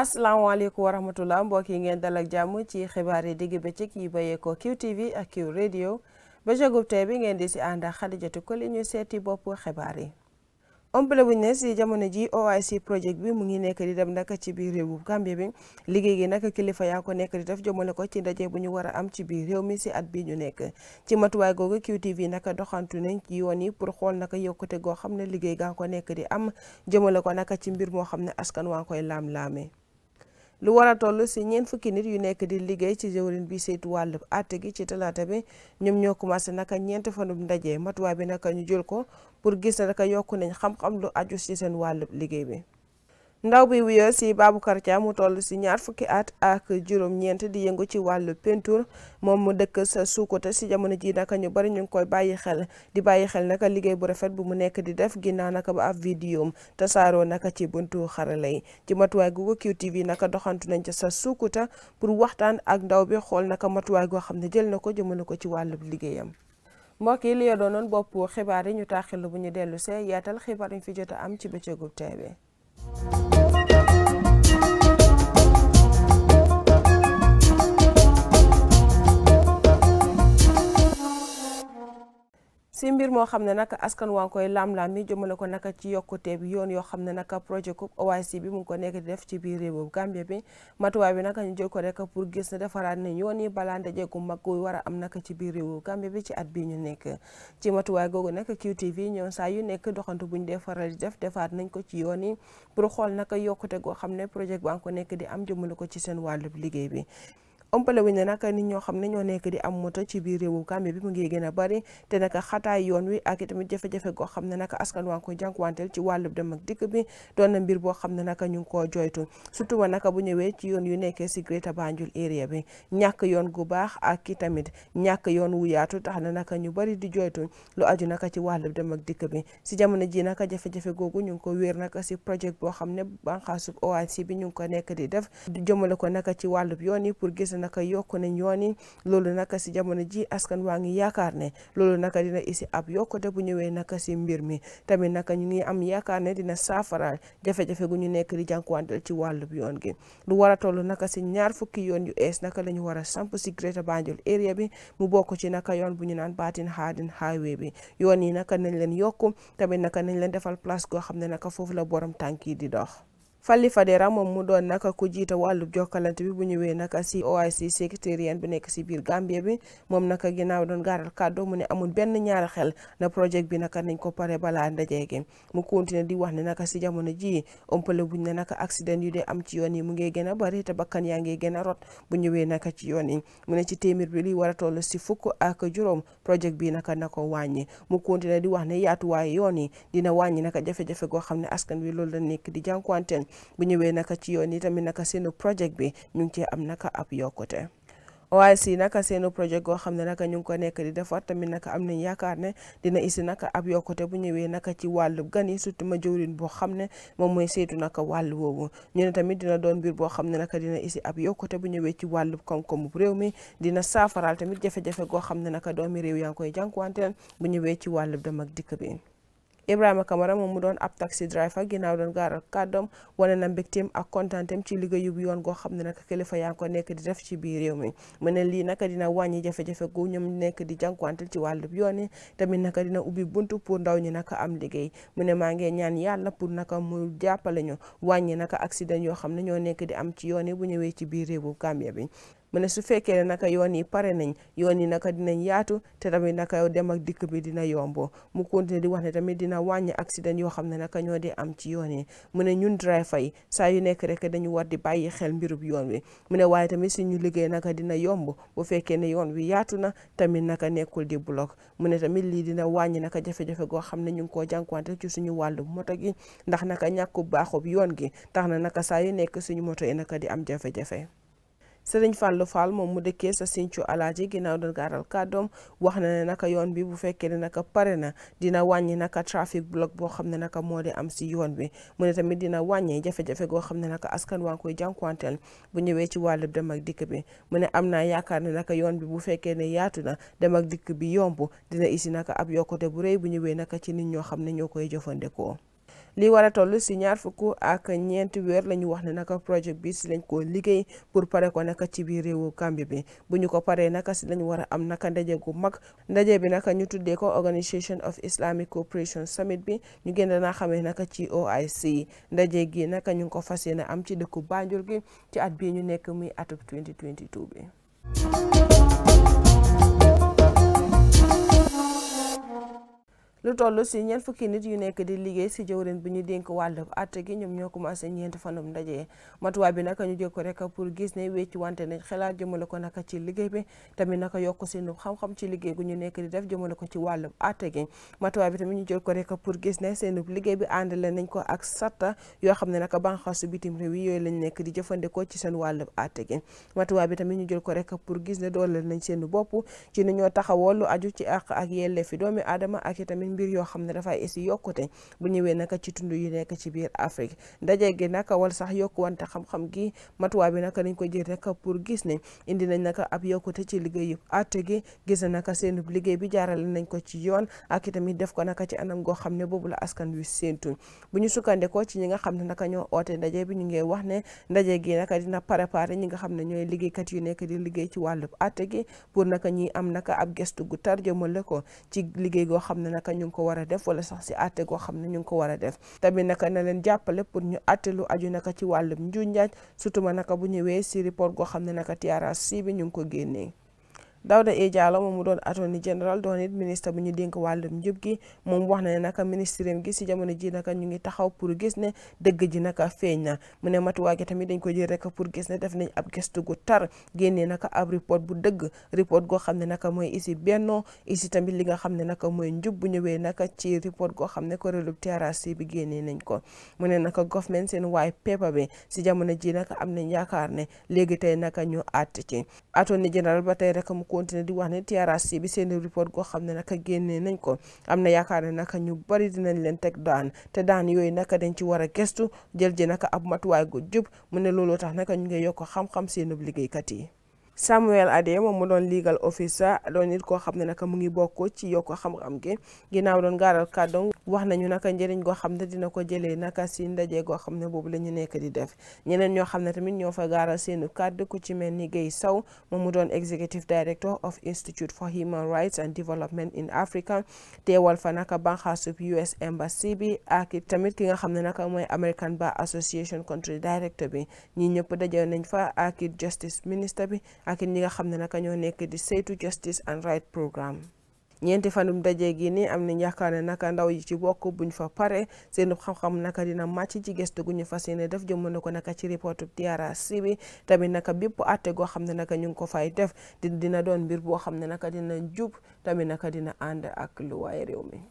asalaamaaleykum wa rahmatulah mbokk yi ngeen dal ak jàmm ci xibaar yi digg bëccëg yi bayeekoo QTV ak Q radio ba jagub tey bi ngeen di si ànd ak Xadijatu Koli ñu seeti bopp xibaar yi. ombele buñ ne si jamono ji OIC project bi mu ngi nekk di dem nag ci biir réew bu Gambie bi liggéey nag kilifa yaa ko nekk di def jëmale ko ci ndaje bu ñu war a am ci biir réew mi si at bi ñu nekk ci matuwaay googu QTV nag doxantu nañ ci yoon yi pour xool nag yokkute goo xam ne liggéey gaa ko nekk di am jëmale ko nag ci mbir moo xam ne askan waa koy laam-laamee lu war a toll si ñeent fukki nit yu nekk di liggéey ci jëwrin bi saytu wàllu àtte gi ci talaata bi ñoom ñoo commencé naka ñeent fanub ndaje matuwaay bi naka ñu jël ko pour gis ne naka yokku nañ xam-xam lu aju ci seen wàllu liggéey bi ndaw bi wuyoo si Baboucar Dia mu toll si ñaar fukki at ak juróom-ñeent di yëngu ci wàllu peinture moom mu dëkk sa Suukuta si jamono ji naka ñu bari ñu ngi koy bàyyi xel di bàyyi xel naka liggéey bu rafet bu mu nekk di def ginnaaw naka ba ab vidéom tasaaroo naka ci buntu xarala yi ci matuwaay googu QTV naka doxantu nañ ca sa Suukuta pour waxtaan ak ndaw bi xool naka matuwaay goo xam ne jël na ko jëmale ko ci wàllu liggéeyam. mbokk yi li doonoon bopp xibaar yi ñu taaxil bu ñu dellu see yaatal xibaar yi jot am ci bëccëgu tey bi si mbir moo xam ne nag askan waa ngi koy laam-laam mi jëmale ko nag ci yokkute bi yoon yoo xam ne nag projet coupe OIC bi mu ngi ko nekk di def ci biir réewu Gambie bi matuwaay bi nag ñu jël ko rek pour gis defaraat nañ yoon yi balaa ndaje mag gu war a am nag ci biir réewu Gambie bi ci at bi ñu nekk ci matuwaay googu nag QTV ñoom saa yu nekk doxantu bu ñu dee faral di def defaat nañ ko ci yoon yi pour xool nag yokkute goo xam ne projet baa ngi ko nekk di am jëmale ko ci seen wàllub liggéey bi ëmpale wuñ ne nag nit ñoo xam ne ñoo nekk di am moto ci biir a bari te nag xataay xam ne nag askan waa ngi koy jànkuwanteel mbir boo xam ne nag ñu ngi koo joytu surtout wa nag bu ñëwee ci yoon yu nekkee si Greater Banjul area bi ñàkk yoon gu baax ak itamit ñàkk yoon wu yaatu tax na nag ñu bari di joytu lu aju nag ci wàllub dem ak dikk bi si jamono ji nag jafe-jafe googu ñu ngi ko wéer nag si projet boo xam ne banqaasub OIC bi ñu ko nekk di def jëmale ko nag ci wàllub yoon yi pour naka yokk nañ yoon yi loolu naka si jamono ji askan waa ngi yaakaar ne loolu naka dina issi ab yokkute bu ñëwee naka si mbir mi tamit naka ñu ngi am yaakaar ne dina saafara jafe-jafe ñu nekk di jànkuwanteel ci wàllub yoon gi lu war a toll naka si ñaar fukki yoon yu ees naka la ñu war a samp si Greater Banjul area bi mu bokk ci naka yoon bu ñu naan Baatin Harding Highway bi yoon yi naka nañ leen yokk tamit naka nañ leen defal place goo xam ne naka foofu la borom tànk yi di dox Fally Fadera moom mu doon nag ku jiite wàllu jokkalante bi bu ñëwee nag si OIC secrétariat bi nekk si biir Gambie bi moom nag ginaaw doon gaaral kàddu mu ne amul benn ñaari xel na projet bi nag nañ ko pare balaa ndaje gi mu continué di wax ne nag si jamono jii ëmpale buñ ne nag accident yu dee am ci yoon yi mu ngi gën a bari te bakkan yaa ngi gën rot bu ñëwee nag ci yoon yi mu ne ci téeméer bi li war a toll si fukk ak juróom projet bi nag na ko wàññi mu continué di wax ne yaatuwaay yoon yi dina wàññi nag jafe goo xam ne askan wi loolu la nekk di jànkuwanteel bu ñëwee naka ci yoon yi tamit naka seenu project bi ñu ngi cee am naka ab yokkute. OIC naka seenu projet goo xam ne naka ñu ngi ko nekk di defar tamit naka am nañ yaakaar ne dina isi naka ab yokkute bu ñëwee naka ci wàllu gan yi surtout ma jëwrin boo xam ne moom mooy saytu naka wàll woowu ñu ne tamit dina doon mbir boo xam ne naka dina isi ab yokkute bu ñëwee ci wàllu koom-koomu réew mi dina saafaraal tamit jafe-jafe goo xam ne naka doomi réew yaa ngi koy jànkuwanteel bu ñëwee ci wàllu dem dikk bi Ibrahima Kamara moom mu doon ab taxi driver ginnaaw doon gaaral kàddoom wane na mbégteem ak kontaanteem ci liggéeyub yoon goo xam ne nag kilifa yaa ngi ko nekk di def ci biir réew mi mu ne lii naka dina wàññi jafe-jafe gu ñoom nekk di jànkuwanteel ci wàllub yoon yi tamit naka dina ubbi buntu pour ndaw ñi naka am liggéey mu ne maa ngi ñaan yàlla pour naka mu jàppale ñu wàññi naka accident yoo xam ne ñoo nekk di am ci yoon yi bu ñëwee ci biir réewu Gambia bi mu ne su fekkee ne naka yoon yi pare nañ yoon yi naka dinañ yaatu te tamit naka dem ak dikk bi dina yomboo mu continuer di wax ne tamit dina wàññi accident yoo xam ne naka ñoo di am ci yoon yi mu ne ñun driver yi saa yu nekk rek dañu war di bàyyi xel mbirub yoon wi mu ne waaye tamit suñu liggéey naka dina yomb bu fekkee ne yoon wi yaatu na tamit naka nekkul di mu ne tamit lii dina wàññi naka jafe-jafe goo xam ne ñu ngi koo jànkuwante ci suñu wàllu moto gi ndax naka ñàkku baaxub yoon gi tax na naka saa yu nekk suñu moto yi naka di am jafe-jafe Sëriñ Fallou Fall moom mu dëkkee sa Sinthiou Alaaji ginnaaw doon gaaral kàddoom wax na ne naka yoon bi bu fekkee ne naka pare na dina wàññi naka trafic block boo xam ne naka moo di am si yoon bi mu ne tamit dina wàññi jafe-jafe goo xam ne naka askan waa ngi koy jànkuwanteel bu ñëwee ci wàllub dem ak dikk bi mu ne am naa yaakaar ne naka yoon bi bu fekkee ne yaatu na dem ak dikk bi yomb dina isi naka ab yokkute bu rey bu ñëwee naka ci nit ñoo xam ne ñoo koy jëfandikoo li war a toll si ñaar fukk ak ñeenti weer la ñu wax ne naka projet bi si lañ ko liggéey pour pare ko naka ci biir réewu Gambie bi bu ñu ko paree naka si lañ war a am naka ndaje gu mag ndaje bi naka ñu tuddee ko Organisation of Islamic Cooperation Summit bi ñu gën naa xamee naka ci OIC ndaje gi naka ñu ngi ko fas yéene am ci dëkku bànjur gi ci at bii ñu nekk muy atub 2022 bi. lu toll si ñeent fukki nit yu nekk liggéey si jëwrin bi ñu dénk wàll àtte gi ñoom ñoo commencé ñeent fanum ndaje matuwaay bi naka ñu jëkko rek pour gis ne wecci wante nañ xalaat jëmale ko naka ci liggéey bi tamit naka yokk seen xam ci liggéey gu ñu nekk di def jëmale ko ci wàllu àtte gi matuwaay bi tamit ñu jël ko rek pour gis ne seen liggéey bi àndale nañ ko ak satta yoo xam ne naka banxaasu bitim réew yi yooyu lañ nekk di jëfandikoo ci seen wàllu àtte gi matuwaay bi tamit ñu jël ko rek pour gis ne dooleel nañ seen bopp ci ni ñoo taxawoo lu aju ci àq ak yelleefi doomi aadama ak tamit mbir yoo xam ne dafay isi yokkute bu ñëwee naka ci tund yu nekk ci biir Afrique ndaje gi naka wal sax yokkuwante xam-xam gi matuwaa bi naka dañ ko jël rek pour gis ne indi nañ naka ab yokkute ci liggéey yëpp àtte gi gis na naka seen liggéey bi jaarale nañ ko ci yoon ak itamit def ko naka ci anam goo xam ne boobu la askan wi séentu bu ñu sukkandikoo ci ñi nga xam ne naka ñoo oote ndaje bi ñu ngi wax ne ndaje gi naka dina préparé ñi nga xam ne ñooy liggéeykat yu nekk di liggéey ci wàllub àtte gi pour naka am naka ab gestu gu tar jëmale ko ñu ngi ko war a def wala sax si atte goo xam ne ñu ngi ko war a def tamit naka na leen jàppale pour ñu àtte lu aju naka ci wàllum njuuj njaaj surtout ma naka bu ñëwee si report goo xam ne naka TRRC bi ñu ngi ko génnee Dawda A Jallow moom mu doon attorney general doon it ministre bu ñu dénk wàllum njub gi moom wax na ne naka ministre gi si jamono ji naka ñu ngi taxaw pour gis ne dëgg ji naka feeñ na mu ne matuwaay gi tamit dañ ko jël rek pour gis ne def nañ ab gu tar génnee naka ab report bu dëgg report goo xam ne naka mooy isi bennoo isi tamit li nga xam ne naka mooy njub bu ñëwee naka ci report goo xam ne kuréelub TRRC bi génnee nañ ko mu ne naka government seen waaye paper bi si jamono ji naka am nañ yaakaar ne léegi tey naka ñu àtt ci attorney general ba te rek mu continué di wax ne TRRC bi seen report goo xam ne naka génnee nañ ko am na yaakaar ne naka ñu bari dinañ leen teg daan te daan yooyu naka dañ ci war a gestu jël ji naka ab matuwaay gu jub mu ne looloo tax naka ñu ngi yokk xam-xam seenub liggéeykat yi Samuel Adé moom mu doon legal officer doon nit koo xam ne naka mu ngi bokk ci yokk xam-xam gi ginnaaw doon gaaral kàddoom wax nañu naka njëriñ goo xam ne dina ko jëlee naka si ndaje goo xam ne boobu la ñu nekk di def ñeneen ñoo xam ne tamit ñoo fa gaaral seenu kàddu ku ci mel ni Gaye Sow moom mu doon executive director of Institute for Human Rights and Development in Africa teewal fa naka banxaasub US Embassy bi ak tamit ki nga xam ne naka mooy American Bar Association country director bi ñi ñëpp daje nañ fa ak Justice Minister bi ak ñi nga xam ne naka ñoo nekk di saytu justice and right programme ñeenti fanum dajee gi ni am nañ yaakaar ne naka ndaw yi ci bokk buñ fa pare seen xam-xam naka dina màcc ci gëstu gu ñu fas yéene def jëmale ko naka ci report TRRC bi tamit naka bépp ate goo xam ne naka ñu ngi ko fay def di dina doon mbir boo xam ne naka dina jub tamit naka dina ànd ak luwaay réew mi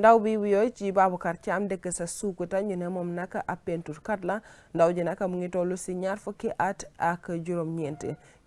ndaw bi wuyoo ci Baboucar Thiam dëkk sa Suukuta ñu ne moom nag ab pentuurkat la ndaw ji nag mu ngi toll si ñaar fukki at ak juróom-ñeent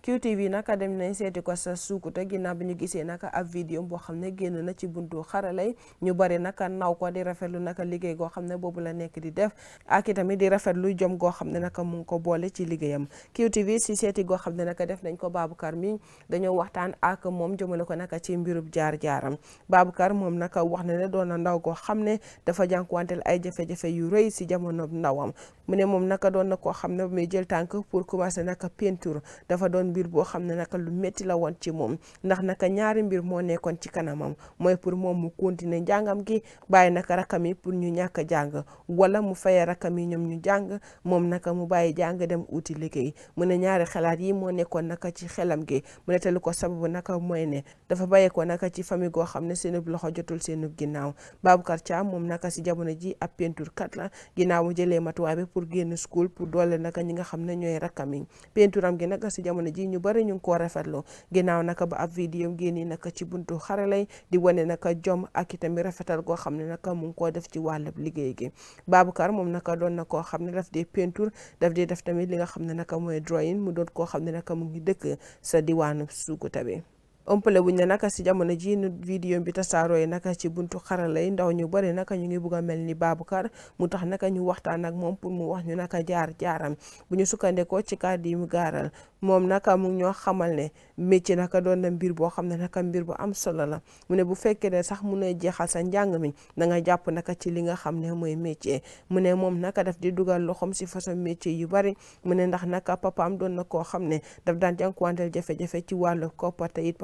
QTV naka dem nañ seeti ko sa Sukuta bi ñu gisee naka ab vidéo boo xam ne génn na ci buntu xaralay ñu bari naka naw ko di rafetlu naka liggéey goo xam ne boobu la nekk di def ak itamit di rafetlu jom goo xam ne naka mu ngi ko boole ci liggéeyam QTV si seeti goo xam ne naka def nañ ko Baboucar mi dañoo waxtaan ak moom jëmale ko naka ci mbirum jaar-jaaram Baboucar moom naka wax na ne doon na ndaw goo xam ne dafa jànkuwanteel ay jafe yu rëy si jamono ndawam mu ne moom naka doon na koo xam ne muy jël tànk pour commencer naka peinture dafa doon mbir boo xam ne naka lu métti la woon ci moom ndax naka ñaari mbir moo nekkoon ci kanamam mooy pour moom mu continuer njàngam gi bàyyi naka rakam yi pour ñu ñàkk a jàng wala mu fayee rakam yi ñoom ñu jàng moom naka mu bàyyi jàng dem uti liggéey mu ne ñaari xalaat yi moo nekkoon naka ci xelam gi mu ne te lu ko sababu naka mooy ne dafa bàyyi ko naka ci famille goo xam ne seenub loxo jotul seenub baabu Baboucarr caam moom naka si jamono ji ab peinture kat la ginnaaw mu jëlee matuwaay bi pour génn school pour doole naka ñi xam ne ñu bari ñu ngi koo rafetlu ginnaaw naka ba ab vidéo génni naka ci buntu xaralay di wane naka jom ak itamit rafetal goo xam ne naka mu ngi koo def ci wàll liggéey gi Baboucarr moom naka doon na koo xam ne daf dee peinture daf dee def tamit li nga xam ne naka mooy drawing mu doon koo xam ne naka mu ngi dëkk sa diwaanu Sukuta bi ëmpale wuñ ne naka si jamono ji nu vidéo bi tasaaroo yi naka ci buntu xarala yi ndaw ñu bëri naka ñu ngi bugg a mel ni Baboucarr mu tax naka ñu waxtaan ak moom pour mu wax ñu naka jaar jaaram bu ñu sukkandekoo ci kàddu yi mu moom naka mu ñoo xamal ne métier naka doon na mbir boo xam ne naka mbir bu am solo la mu ne bu fekkee de sax mun na jeexal sa njàng mi da nga jàpp naka ci li nga xam ne mooy métier mu ne moom naka daf di dugal loxoom si façon métier yu bari mu ne ndax naka papaam doon na koo xam ne daf daan jànkuwanteel jafe-jafe ci wàllu koppar te it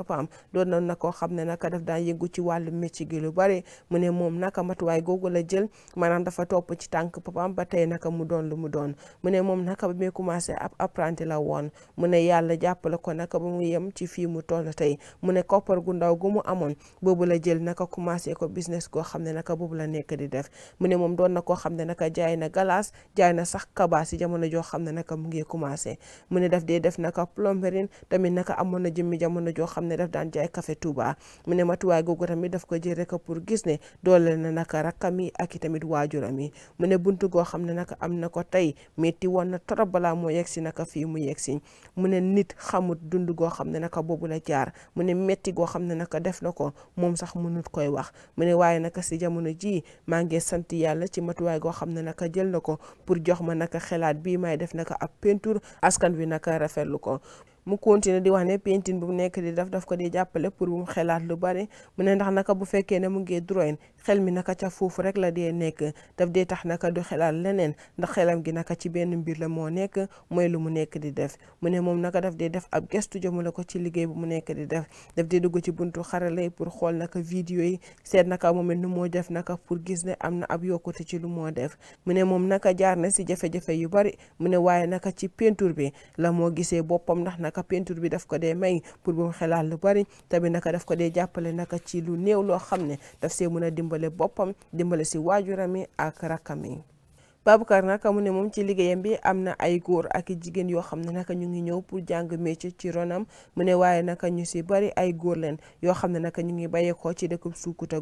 doon na na koo xam ne naka daf daan yëngu ci wàllu métier gi lu bari mu ne moom naka matuwaay googu la jël maanaam dafa topp ci tànk papaam ba tey naka mu doon lu mu doon mu ne moom naka ba muy commencé ab apprenti la woon ne yàlla jàppale ko naka ba mu yem ci fii mu toll tey mu ne koppar gu ndaw gu mu amoon boobu la jël naka commencé ko business koo xam ne naka boobu la nekk di def mu ne moom doon na koo xam ne naka jaay na galaas jaay na sax kabaa si jamono joo xam ne naka mu ngi commencé mu ne daf dee def naka plomberine tamit naka amoon na jëmmi jamono joo xam ne daf daan jaay kafe tuba mu ne matuwaay googu tamit daf ko jël rek pour gis ne doole na naka rakkam yi ak i tamit waajuram yi mu ne buntu goo xam ne naka am na ko tey metti woon na trop balaa moo yegg si naka fii mu yegg si mu ne nit xamut dund goo xam ne naka boobu la jaar mu ne metti goo xam ne naka def na ko moom sax mënut koy wax mu ne waaye naka si jamono jii maa ngi sant yàlla ci matuwaay goo xam ne naka jël na ko pour jox ma naka xelaat bii may def naka ab peinture askan wi naka rafetlu ko mu continuer di wax ne painting bu mu nekk di def daf ko di jàppale pour bu mu xelaat lu bari mu ne ndax naka bu fekkee ne mu ngi drawing xel mi naka ca foofu rek la dee nekk daf dee tax naka du xelaat leneen ndax xelam gi naka ci benn mbir la moo nekk mooy lu mu nekk di def mu ne moom naka daf dee def ab gestu jëmale ko ci liggéey bu mu nekk di def daf dee dugg ci buntu xarale yi pour xool naka vidéo yi seet naka moom it nu moo def naka pour gis ne am na ab yokkute ci lu moo def mu ne moom naka jaar na si jafe-jafe yu bari mu ne waaye naka ci peinture bi la moo gisee boppam ndax naka peinture bi daf ko dee may pour bu mu lu bari tamit naka daf ko dee jàppale naka ci lu néew loo xam ne daf see mën a dimbale boppam dimbale si waajuram yi ak rakkam yi Babacar nag mu ne moom ci liggéeyam bi am na ay góor ak jigéen yoo xam ne naka ñu ngi ñëw pour jàng métier ci ronam mu ne waaye naka ñu si bari ay góor leen yoo xam ne naka ñu ngi bayeekoo ci dëkkub Suukuta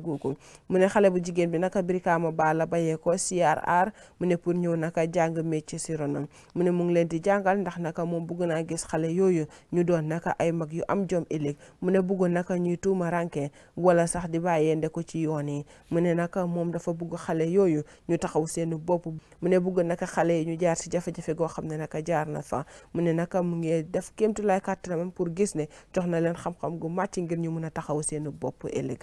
mu ne xale bu jigéen bi naka Brikama Ba la bàyyeekoo CRR mu ne pour ñëw naka jàng métier si ronam mu ne mu ngi leen di jàngal ndax naka moom bugg naa gis xale yooyu ñu doon naka ay mag yu am jom ëllëg mu ne bëggoon naka ñuy tuuma ranke wala sax di bàyyee nde ko ci yoon yi mu ne naka moom dafa bugg xale yooyu ñu taxaw seen bopp mu ne bugg nag xale yi ñu jaar si jafe-jafe goo xam ne naka jaar na fa mu ne naka mu ngi def kéemtulaay kàttanam pour gis ne jox na leen xam-xam gu màcc ngir ñu mun a taxaw seenu bopp ëllëg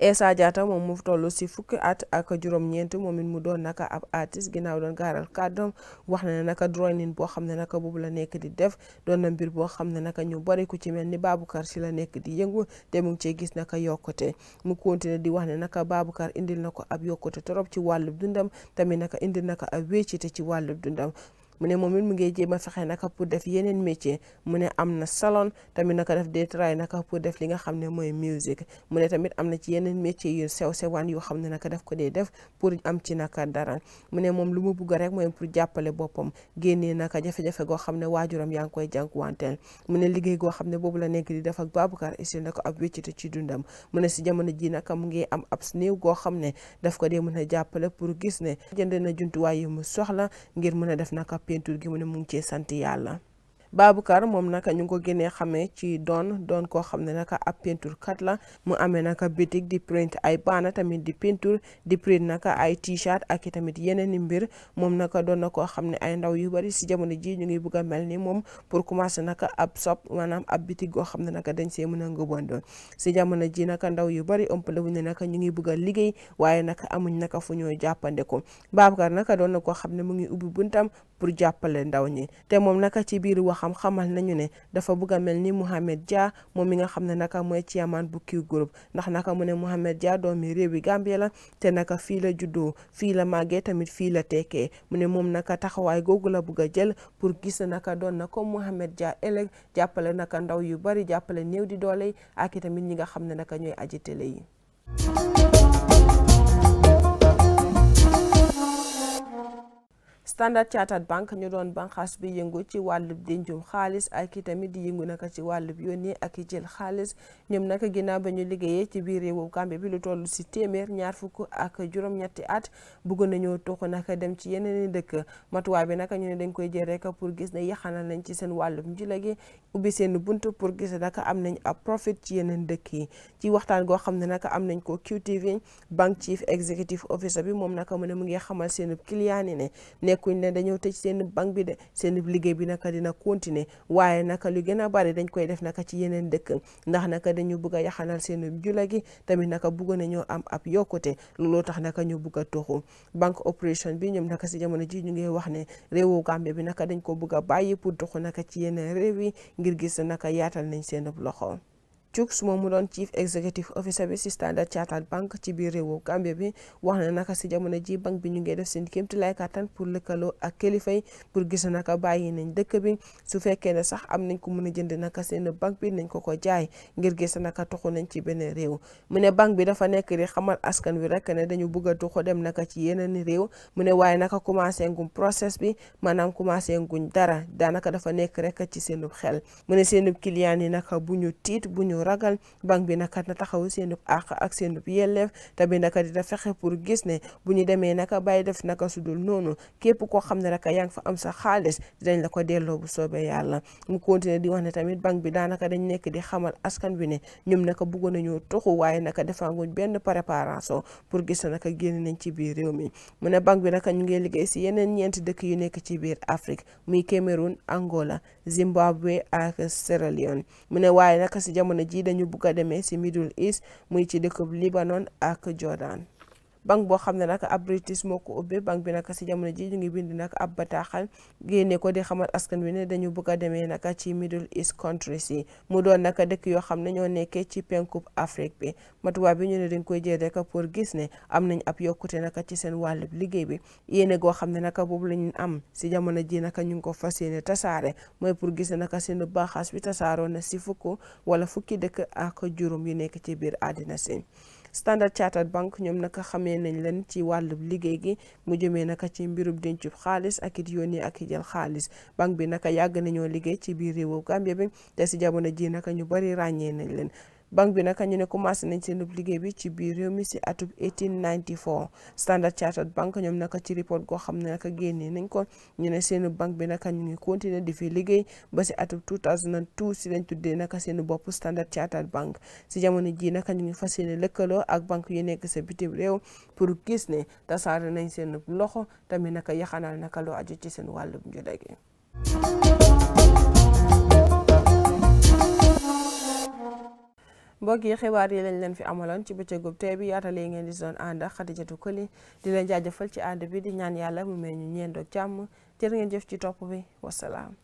Essa Diatta moom mu toll si fukki at ak juróom-ñeent moom it mu doon naka ab artiste ginnaaw doon gaaral kàddoom wax na ne naka drawing boo xam ne naka boobu la nekk di def doon na mbir boo xam ne naka ñu bari ku ci mel ni Baboucar si la nekk di yëngu te mu ngi cee gis naka yokkute mu continuer di wax ne naka Baboucar indil na ko ab yokkute torop ci wàllub dundam tamit naka indil naka ab wéccite ci wàllub dundam. mu ne moom it mu ngi jéem a fexe naka pour def yeneen métier mu ne am na salon tamit naka def day try naka pour def li nga xam ne mooy musique mu ne tamit am na ci yeneen métier yu sew sewaan yoo xam ne naka def ko dee def pour am ci naka dara mu ne moom lu mu bugg rek mooy pour jàppale boppam génnee naka jafe-jafe goo xam ne waajuram yaa ngi koy jànkuwanteel mu ne liggéey goo xam ne boobu la nekk di def ak Baboucarr Essien naka ab wéccite ci dundam mu ne si jamono ji naka mu ngi am ab néew goo xam ne daf ko dee mën a jàppale pour gis ne jënd na jumtuwaay yi mu soxla ngir mën a def naka peinture gi mu ne mu ngi cee sant yàlla Baboucar moom naka ñu ngi ko gënee xamee ci doon doon koo xam ne naka ab peinture kat la mu amee naka bitik di print ay baana tamit di peinture di print naka ay t-shirt ak i tamit yeneen i mbir moom naka doon na koo xam ne ay ndaw yu bari si jamono ji ñu ngi bëgg a mel ni moom pour commencer naka ab shop maanaam ab bitik goo xam ne naka dañ see mën a ngëbandoon si jamono ji naka ndaw yu bari ëmpale wuñ ne naka ñu ngi bëgg a liggéey waaye naka amuñ naka fu ñoo jàppande ko Baboucar naka doon na koo xam ne mu ngi ubbi buntam pour jàppale ndaw ñi te moom naka ci biir waxam xamal nañu ne dafa bëgg a mel ni Mouhamed Dia moom mi nga xam ne naka mooy ci chairman bu Q Group ndax naka mu ne Mouhamed Dia doomi réewi Gambie la te naka fii la juddoo fii la màggee tamit fii la tekkee mu ne moom naka taxawaay googu la bëgg a jël pour gis naka doon na comme Mouhamed Dia ëllëg jàppale naka ndaw yu bari jàppale néew di doole ak itamit ñi nga xam ne naka ñooy aji télé yi Standard Chartered Bank ñu doon banxaas bi yëngu ci wàllub denjum xaalis ak itamit di yëngu naka ci wàllub yónnee ak jël xaalis ñoom naka ginnaaw ba ñu liggéeyee ci biir réewu Gambie bi lu toll si téeméer ñaar fukk ak juróom-ñetti at bëgg nañoo toxu naka dem ci yeneen i dëkk matuwaay bi naka ñu ne dañ koy jël rek pour gis ne yaxanal nañ ci seen wàllub njula gi ubbi seen bunt pour gis naka am nañ a profit ci yeneen dëkk yi ci waxtaan goo xam ne naka am nañ ko QTV bank chief executive officer bi moom naka mu ne mu ngi xamal seen client yi ne nekkuñ ne dañoo tëj seen banque bi de seen liggéey bi naka dina continuer waaye naka lu gën a bari dañ koy def naka ci yeneen dëkk ndax naka dañu bëgg a yaxanal seen jula gi tamit naka bëgg nañoo am ab yokkute looloo tax naka ñu bëgg a toxu bank operation bi ñoom naka si jamono ji ñu ngi wax ne réewu Gambie bi naka dañ ko bëgg a bàyyi pour doxu naka ci yeneen réew yi ngir gis naka yaatal nañ seen loxo. Cuks moom mu doon chief executive officer bi si Standard Chartered Bank ci biir réewu wax na naka si jamono ji banque bi ñu ngi def seen kéem tolluwaay kàttan pour lëkkaloo ak kilifay pour gis naka bàyyi nañ dëkk bi su fekkee ne sax am nañ ko mën a jënd naka seen banque bi nañ ko ko jaay ngir gis naka toxu nañ ci beneen réew mu ne banque bi dafa nekk di xamal askan wi rek ne dañu bëgg a toxu dem naka ci yeneen réew mu ne waaye naka commencé nguñ process bi maanaam commencé nguñ dara daanaka dafa nekk rek ci seenub xel ragal banque bi naka na taxaw seenub àq ak seenub yelleef te bi naka dina fexe pour gis ne bu ñu demee naka bay def naka su dul noonu képp koo xam ne rek yaa ngi fa am sa xaalis dinañ la ko delloo bu soobee yàlla mu continuer di wax ne tamit banque bi daanaka dañ nekk di xamal askan bi ne ñoom naka na ñu toxu waaye naka defanguñ benn préparation pour gis naka génn nañ ci biir réew mi mu ne banque bi naka ñu ngi liggéey si yeneen ñeenti dëkk yu nekk ci biir Afrique muy Cameroun Angola Zimbabwe ak Sierra Leone mu ne ji dañu bugg a demee ci Middle East muy ci dëkkub Libanon ak Jordan banque boo xam ne nag ab British moo ko ubbi banque bi nag si jamono ji ñu ngi bind nag ab bataaxal génne ko di xamal askan wi ne dañu bëgg a demee nag ci Middle East countries yi mu doon nag dëkk yoo xam ne ñoo nekkee ci penkub Afrique bi matuwaay bi ñu ne dañ koy jël rek pour gis ne am nañ ab yokkute nag ci seen wàllub liggéey bi yéene goo xam ne nag boobu lañu am si jamono ji nag ñu ngi ko fas yéene tasaare mooy pour gis ne nag seen baaxaas bi tasaaroo na si fukk wala fukki dëkk ak juróom yu nekk ci biir àddina si Standard Chartered Bank ñoom naka xamee nañ leen ci wàllu liggéey gi mu jëmee naka ci mbirub dencub xaalis ak it yónnee ak ki jël xaalis banque bi naka yàgg nañoo liggéey ci biir réewu Gambia bi te si jamono ji naka ñu bari ràññee nañ leen banque bi nag ñu ne commencé nañ seen liggéey bi ci biir réew mi si atub 1894 Standard Chartered Bank ñoom naka ci report goo xam ne naka génnee nañ ko ñu ne seen banque bi naka ñu ngi continuer di fi liggéey ba si atub 2002 si lañ tuddee naka seen bopp Standard Chartered Bank si jamono ji naka ñu ngi fas yéene lëkkaloo ak banque yu nekk sa bitim réew pour gis ne ta saare nañ seen loxo tamit naka yaxanal naka loo aju ci seen wàllum njëriñ. mbokk yi xibaar yi lañ leen fi amaloon ci bëccëgub tey bi yaatalee ngeen di doon ànd ak Xadijatu Koli di leen jaajëfal ci ànd bi di ñaan yàlla mu may ñu ñeen doog jàmm jërë ngeen jëf ci topp bi wasalaam